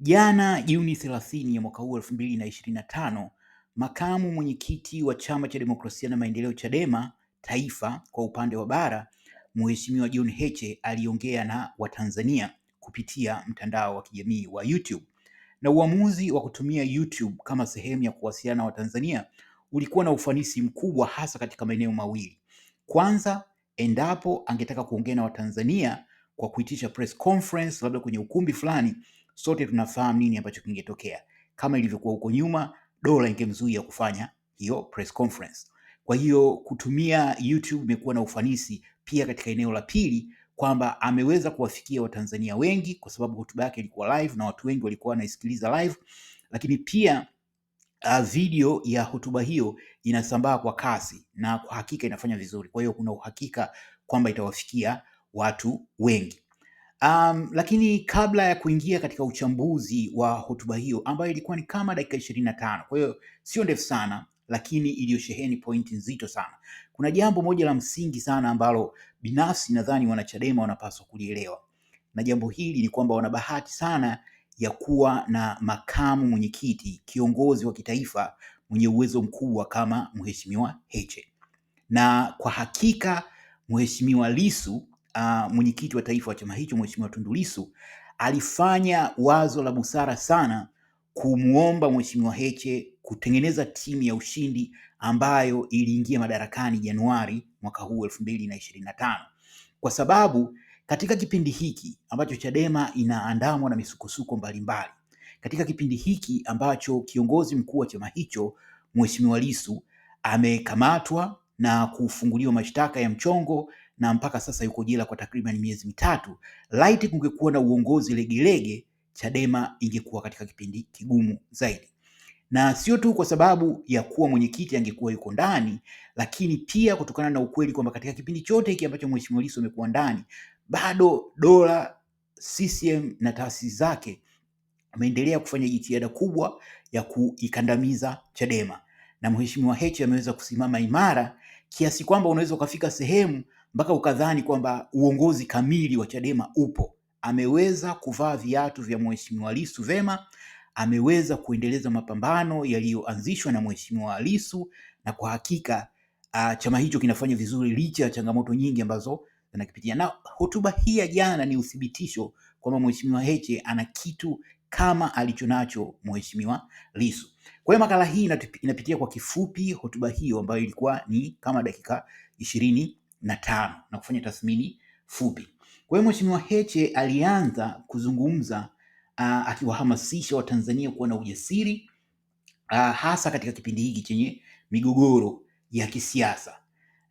Jana Juni 30 ya mwaka huu 2025, makamu mwenyekiti wa Chama cha Demokrasia na Maendeleo Chadema Taifa kwa upande wa bara, Mheshimiwa John Heche aliongea na Watanzania kupitia mtandao wa kijamii wa YouTube. Na uamuzi wa kutumia YouTube kama sehemu ya kuwasiliana na Watanzania ulikuwa na ufanisi mkubwa hasa katika maeneo mawili. Kwanza, endapo angetaka kuongea na Watanzania kwa kuitisha press conference labda kwenye ukumbi fulani sote tunafahamu nini ambacho kingetokea. Kama ilivyokuwa huko nyuma, dola ingemzuia kufanya hiyo press conference. Kwa hiyo kutumia YouTube imekuwa na ufanisi pia katika eneo la pili kwamba ameweza kuwafikia Watanzania wengi kwa sababu hotuba yake ilikuwa live na watu wengi walikuwa wanaisikiliza live, lakini pia uh, video ya hotuba hiyo inasambaa kwa kasi na kwa hakika inafanya vizuri. Kwa hiyo kuna uhakika kwamba itawafikia watu wengi. Um, lakini kabla ya kuingia katika uchambuzi wa hotuba hiyo ambayo ilikuwa ni kama dakika ishirini na tano, kwa hiyo sio ndefu sana, lakini iliyosheheni pointi nzito sana. Kuna jambo moja la msingi sana ambalo binafsi nadhani wanachadema wanapaswa kulielewa, na jambo hili ni kwamba wana bahati sana ya kuwa na makamu mwenyekiti, kiongozi wa kitaifa mwenye uwezo mkubwa kama Mheshimiwa Heche, na kwa hakika Mheshimiwa Lissu uh, mwenyekiti wa taifa wa chama hicho Mheshimiwa Tundu Lissu alifanya wazo la busara sana kumwomba Mheshimiwa Heche kutengeneza timu ya ushindi ambayo iliingia madarakani Januari mwaka huu elfu mbili na ishirini na tano kwa sababu katika kipindi hiki ambacho Chadema inaandamwa na misukosuko mbalimbali, katika kipindi hiki ambacho kiongozi mkuu wa chama hicho Mheshimiwa Lissu amekamatwa na kufunguliwa mashtaka ya mchongo na mpaka sasa yuko jela kwa takriban miezi mitatu. Laiti kungekuwa na uongozi legelege, Chadema ingekuwa katika kipindi kigumu zaidi, na sio tu kwa sababu ya kuwa mwenyekiti angekuwa yuko ndani, lakini pia kutokana na ukweli kwamba katika kipindi chote hiki ambacho Mheshimiwa Lissu amekuwa ndani, bado dola, CCM na taasisi zake ameendelea kufanya jitihada kubwa ya kuikandamiza Chadema na Mheshimiwa Heche ameweza kusimama imara kiasi kwamba unaweza ukafika sehemu mpaka ukadhani kwamba uongozi kamili wa Chadema upo. Ameweza kuvaa viatu vya Mheshimiwa Lissu vema, ameweza kuendeleza mapambano yaliyoanzishwa na Mheshimiwa Lissu, na kwa hakika uh, chama hicho kinafanya vizuri licha ya changamoto nyingi ambazo zinakipitia, na hotuba hii ya jana ni uthibitisho kwamba Mheshimiwa Heche ana kitu kama alichonacho Mheshimiwa Lissu. Kwa hiyo makala hii inapitia kwa kifupi hotuba hiyo ambayo ilikuwa ni kama dakika ishirini na tano na kufanya tathmini fupi. Kwa hiyo Mheshimiwa Heche alianza kuzungumza uh, akiwahamasisha Watanzania kuwa na ujasiri uh, hasa katika kipindi hiki chenye migogoro ya kisiasa,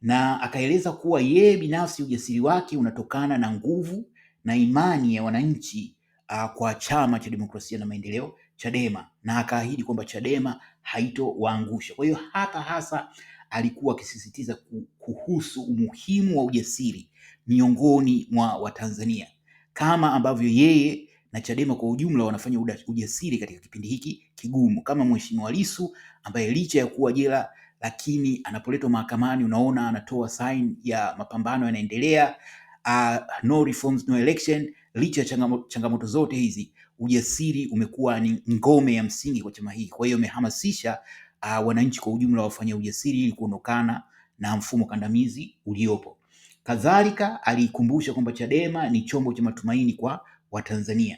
na akaeleza kuwa yeye binafsi ujasiri wake unatokana na nguvu na imani ya wananchi uh, kwa Chama cha Demokrasia na Maendeleo, Chadema, na akaahidi kwamba Chadema haitowaangusha. Kwa hiyo hata hasa alikuwa akisisitiza kuhusu umuhimu wa ujasiri miongoni mwa Watanzania kama ambavyo yeye na Chadema kwa ujumla wanafanya ujasiri katika kipindi hiki kigumu, kama Mheshimiwa Lissu ambaye licha ya kuwa jela lakini anapoletwa mahakamani unaona anatoa sign ya mapambano yanaendelea. Uh, no reforms, no election. Licha ya changamoto, changamoto zote hizi, ujasiri umekuwa ni ngome ya msingi kwa chama hiki. Kwa hiyo amehamasisha uh, wananchi kwa ujumla wafanya ujasiri ili kuondokana na mfumo kandamizi uliopo. Kadhalika aliikumbusha kwamba Chadema ni chombo cha matumaini kwa Watanzania.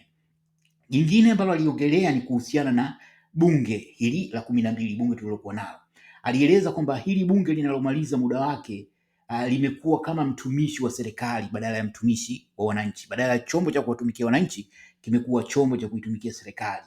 Jingine ambalo aliongelea ni kuhusiana na bunge hili la kumi na mbili, bunge tulilokuwa nalo. Alieleza kwamba hili bunge linalomaliza muda wake uh, limekuwa kama mtumishi wa serikali badala ya mtumishi wa wananchi. Badala ya chombo cha kuwatumikia wananchi, kimekuwa chombo cha kuitumikia serikali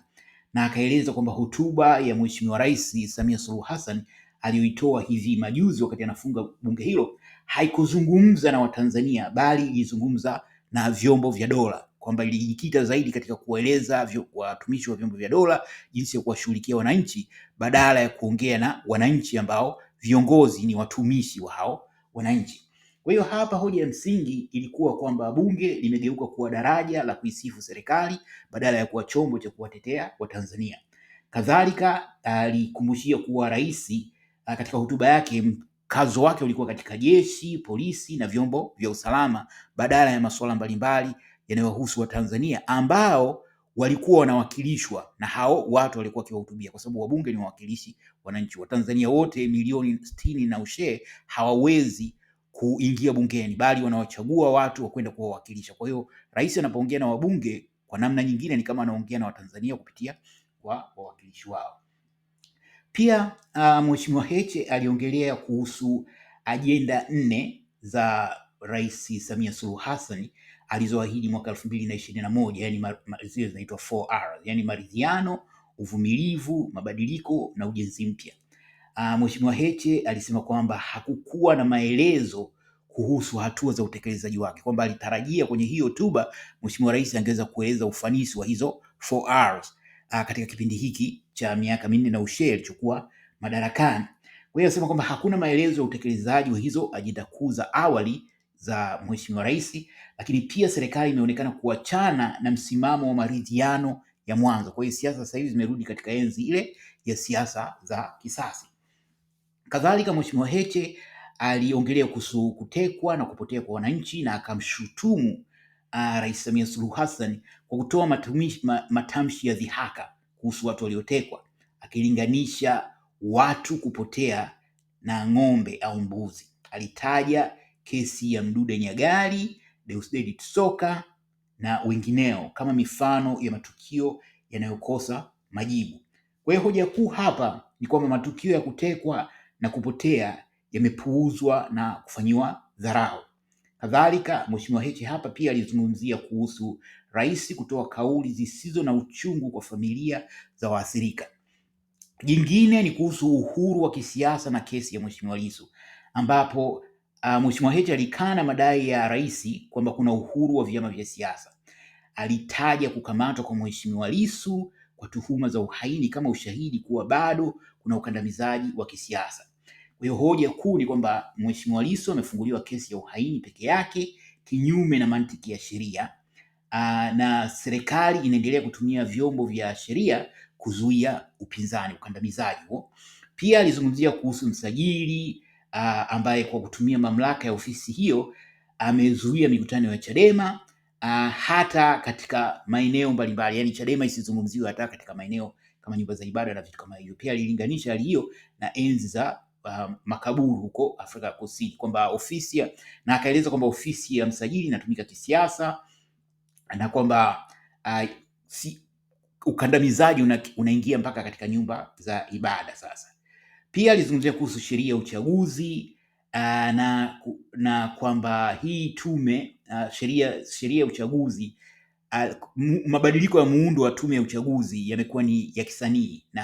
na akaeleza kwamba hotuba ya Mheshimiwa Rais Samia Suluhu Hassan aliyoitoa hivi majuzi wakati anafunga bunge hilo haikuzungumza na Watanzania bali ilizungumza na vyombo vya dola, kwamba ilijikita zaidi katika kuwaeleza watumishi wa vyombo vya dola jinsi ya kuwashughulikia wananchi badala ya kuongea na wananchi ambao viongozi ni watumishi wa hao wananchi. Kwa hiyo hapa hoja ya msingi ilikuwa kwamba bunge limegeuka kuwa daraja la kuisifu serikali badala ya kuwa chombo cha kuwatetea Watanzania. Kadhalika ah, alikumbushia kuwa rais ah, katika hotuba yake mkazo wake ulikuwa katika jeshi, polisi na vyombo vya usalama badala ya masuala mbalimbali yanayohusu Watanzania ambao walikuwa wanawakilishwa na hao watu walikuwa wakiwahutubia, kwa sababu wabunge ni wawakilishi wananchi. Watanzania wote milioni sitini na ushe hawawezi kuingia bungeni, bali wanawachagua watu wa kwenda kuwawakilisha. Kwa hiyo rais anapoongea na wabunge kwa namna nyingine ni kama anaongea na Watanzania kupitia kwa wawakilishi wao. Pia uh, Mheshimiwa Heche aliongelea kuhusu ajenda nne za Rais Samia Suluhu Hassan alizoahidi mwaka elfu mbili na ishirini na moja yani zile zinaitwa 4R, yani maridhiano, uvumilivu, mabadiliko na ujenzi mpya. Uh, Mheshimiwa Heche alisema kwamba hakukuwa na maelezo kuhusu hatua za utekelezaji wake, kwamba alitarajia kwenye hiyo hotuba Mheshimiwa Rais angeweza kueleza ufanisi wa hizo 4Rs uh, ah, katika kipindi hiki cha miaka minne na ushe alichokuwa madarakani. Kwa hiyo anasema kwamba hakuna maelezo ya utekelezaji wa hizo ajenda kuu za awali za Mheshimiwa Rais, lakini pia serikali imeonekana kuachana na msimamo wa maridhiano ya mwanzo. Kwa hiyo siasa sasa hivi zimerudi katika enzi ile ya siasa za kisasi. Kadhalika, Mheshimiwa Heche aliongelea kuhusu kutekwa na kupotea kwa wananchi na akamshutumu uh, Rais Samia Suluhu Hassan kwa kutoa matamshi ya dhihaka kuhusu watu waliotekwa akilinganisha watu kupotea na ng'ombe au mbuzi. Alitaja kesi ya Mdude Nyagali, Deusdedith Soka na wengineo kama mifano ya matukio yanayokosa majibu. Kwa hiyo hoja kuu hapa ni kwamba matukio ya kutekwa na kupotea yamepuuzwa na kufanyiwa dharau. Kadhalika, Mheshimiwa Heche hapa pia alizungumzia kuhusu rais kutoa kauli zisizo na uchungu kwa familia za waathirika. Jingine ni kuhusu uhuru wa kisiasa na kesi ya Mheshimiwa Lissu ambapo uh, Mheshimiwa Heche alikana madai ya rais kwamba kuna uhuru wa vyama vya siasa. Alitaja kukamatwa kwa Mheshimiwa Lissu kwa tuhuma za uhaini kama ushahidi kuwa bado kuna ukandamizaji wa kisiasa. Kwa hiyo hoja kuu ni kwamba Mheshimiwa Lissu amefunguliwa kesi ya uhaini peke yake kinyume na mantiki ya sheria, na serikali inaendelea kutumia vyombo vya sheria kuzuia upinzani, ukandamizaji huo. Pia alizungumzia kuhusu msajili ambaye kwa kutumia mamlaka ya ofisi hiyo amezuia mikutano ya Chadema aa, hata katika maeneo mbalimbali, yani Chadema isizungumziwe hata katika maeneo kama nyumba za ibada na vitu kama hivyo. Pia alilinganisha hali hiyo na enzi za uh, makaburu huko Afrika Kusini, kwamba ofisi na akaeleza kwamba ofisi ya msajili inatumika kisiasa na kwamba uh, si, ukandamizaji una, unaingia mpaka katika nyumba za ibada. Sasa pia alizungumzia kuhusu sheria ya uchaguzi uh, na, na kwamba hii tume uh, sheria sheria ya uchaguzi uh, mabadiliko ya muundo wa tume ya uchaguzi yamekuwa ni ya kisanii na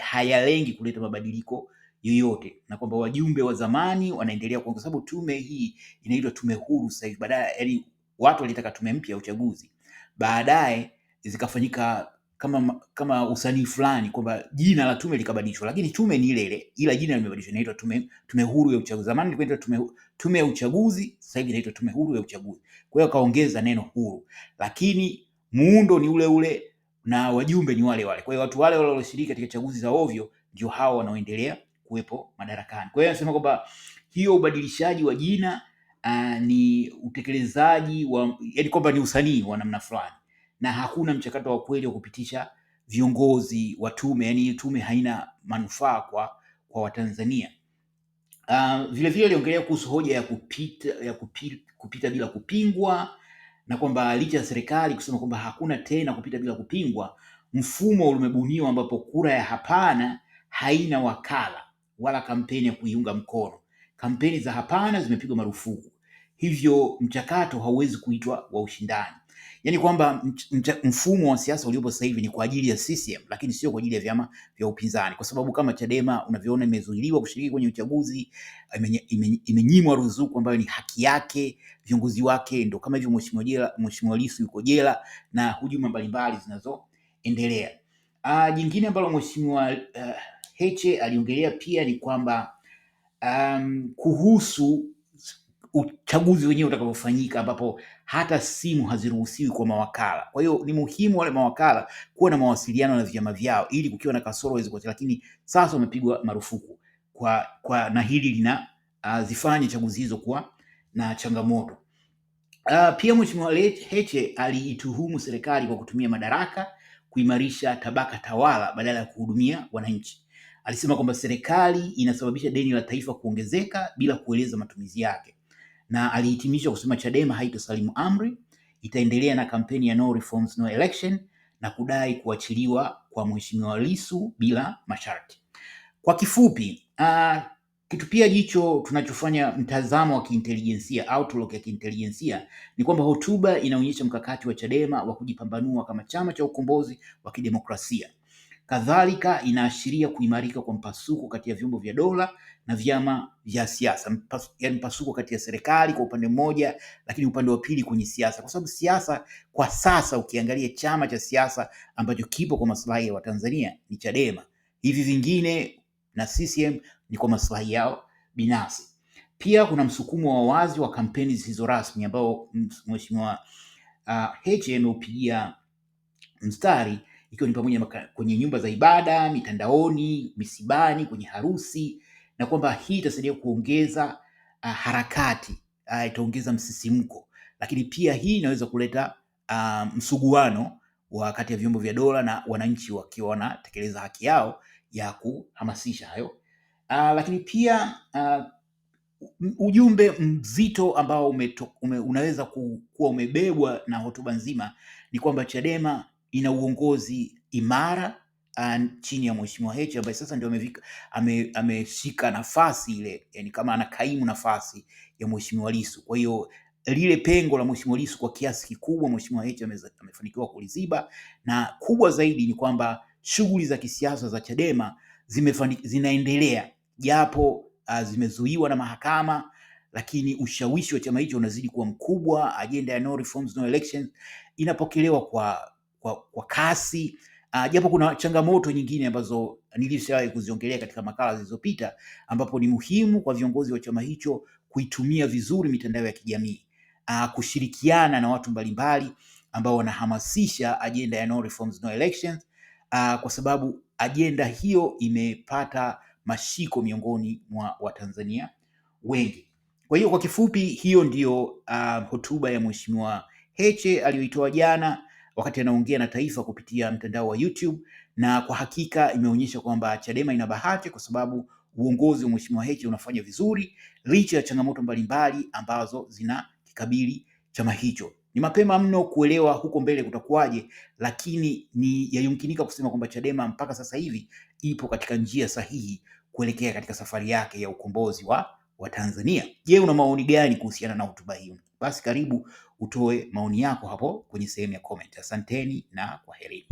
hayalengi kuleta mabadiliko yoyote, na kwamba wajumbe wa zamani wanaendelea, kwa sababu tume hii inaitwa tume huru sasa hivi. Baadaye yani, watu walitaka tume mpya ya uchaguzi, baadaye zikafanyika kama kama usanii fulani kwamba jina la tume likabadilishwa, lakini tume ni ile ile, ila jina limebadilishwa, inaitwa tume tume huru ya uchaguzi. Zamani ilikuwa inaitwa tume tume ya uchaguzi, sasa hivi inaitwa tume huru ya uchaguzi. Kwa hiyo kaongeza neno huru, lakini muundo ni ule ule na wajumbe ni wale wale. Kwa hiyo watu wale wale walioshiriki katika chaguzi za ovyo ndio hao wanaoendelea kuwepo madarakani. Kwa hiyo anasema kwamba hiyo ubadilishaji wa jina uh, ni utekelezaji wa yaani kwamba ni usanii wa namna fulani na hakuna mchakato wa kweli wa kupitisha viongozi wa tume, yani tume haina manufaa kwa kwa Watanzania. Uh, ah, vilevile aliongelea kuhusu hoja ya kupita, ya kupita, kupita bila kupingwa na kwamba licha ya serikali kusema kwamba hakuna tena kupita bila kupingwa, mfumo umebuniwa ambapo kura ya hapana haina wakala wala kampeni ya kuiunga mkono. Kampeni za hapana zimepigwa marufuku, hivyo mchakato hauwezi kuitwa wa ushindani. Yaani kwamba mfumo wa siasa uliopo sasa hivi ni kwa ajili ya CCM, lakini sio kwa ajili ya vyama vya upinzani, kwa sababu kama Chadema unavyoona imezuiliwa kushiriki kwenye uchaguzi, imenyimwa ruzuku ambayo ni haki yake, viongozi wake ndo kama hivyo, mheshimiwa jela, mheshimiwa Lissu yuko jela na hujuma mbalimbali zinazoendelea. Ah, jingine ambalo mheshimiwa uh, Heche aliongelea pia ni kwamba um, kuhusu uchaguzi wenyewe utakapofanyika ambapo hata simu haziruhusiwi kwa mawakala. Kwa hiyo ni muhimu wale mawakala kuwa na mawasiliano na vyama vyao ili kukiwa na kasoro hizo, lakini sasa wamepigwa marufuku kwa, kwa na hili lina uh, zifanye chaguzi hizo kuwa na changamoto. Uh, pia Mheshimiwa Heche aliituhumu serikali kwa kutumia madaraka kuimarisha tabaka tawala badala ya kuhudumia wananchi. Alisema kwamba serikali inasababisha deni la taifa kuongezeka bila kueleza matumizi yake, na alihitimisha kusema Chadema haitosalimu amri, itaendelea na kampeni ya no reforms no election na kudai kuachiliwa kwa Mheshimiwa Lissu bila masharti. Kwa kifupi, uh, ah, kitupia jicho tunachofanya mtazamo wa kiintelijensia outlook ya kiintelijensia ni kwamba hotuba inaonyesha mkakati wa Chadema wa kujipambanua kama chama cha ukombozi wa kidemokrasia. Kadhalika inaashiria kuimarika kwa mpasuko kati ya vyombo vya dola na vyama vya siasa, yaani mpasuko kati ya serikali kwa upande mmoja, lakini upande wa pili kwenye siasa, kwa sababu siasa kwa sasa ukiangalia chama cha siasa ambacho kipo kwa maslahi ya Watanzania ni Chadema. Hivi vingine na CCM ni kwa maslahi yao binafsi. Pia kuna msukumo wa wazi wa kampeni zisizo rasmi ambao Mheshimiwa uh, Heche ameupigia mstari ikiwa ni pamoja kwenye nyumba za ibada, mitandaoni, misibani, kwenye harusi, na kwamba hii itasaidia kuongeza uh, harakati uh, itaongeza msisimko, lakini pia hii inaweza kuleta uh, msuguano wa kati ya vyombo vya dola na wananchi wakiwa wanatekeleza haki yao ya kuhamasisha hayo uh, lakini pia uh, ujumbe mzito ambao ume, unaweza kuwa umebebwa na hotuba nzima ni kwamba Chadema ina uongozi imara ah, chini ya Mheshimiwa Heche ambaye sasa ndio ameshika ame nafasi ile, yani kama anakaimu nafasi ya Mheshimiwa Lissu. Kwa hiyo lile pengo la Mheshimiwa Lissu kwa kiasi kikubwa Mheshimiwa Heche amefanikiwa kuliziba, na kubwa zaidi ni kwamba shughuli za kisiasa za Chadema zinaendelea japo uh, zimezuiwa na mahakama, lakini ushawishi wa chama hicho unazidi kuwa mkubwa. Ajenda ya no reforms no elections inapokelewa kwa kwa, kwa kasi uh, japo kuna changamoto nyingine ambazo nilishawahi kuziongelea katika makala zilizopita, ambapo ni muhimu kwa viongozi wa chama hicho kuitumia vizuri mitandao ya kijamii uh, kushirikiana na watu mbalimbali ambao wanahamasisha ajenda ya no reforms no elections uh, kwa sababu ajenda hiyo imepata mashiko miongoni mwa Watanzania wengi. Kwa hiyo kwa kifupi, hiyo ndiyo uh, hotuba ya Mheshimiwa Heche aliyoitoa jana wakati anaongea na taifa kupitia mtandao wa YouTube, na kwa hakika imeonyesha kwamba Chadema ina bahati kwa sababu uongozi wa Mheshimiwa Heche unafanya vizuri licha ya changamoto mbalimbali ambazo zina kikabili chama hicho. Ni mapema mno kuelewa huko mbele kutakuwaje, lakini ni yayumkinika kusema kwamba Chadema mpaka sasa hivi ipo katika njia sahihi kuelekea katika safari yake ya ukombozi wa, wa Tanzania. Je, una maoni gani kuhusiana na hotuba hiyo? Basi karibu utoe maoni yako hapo kwenye sehemu ya comment. Asanteni na kwaherini.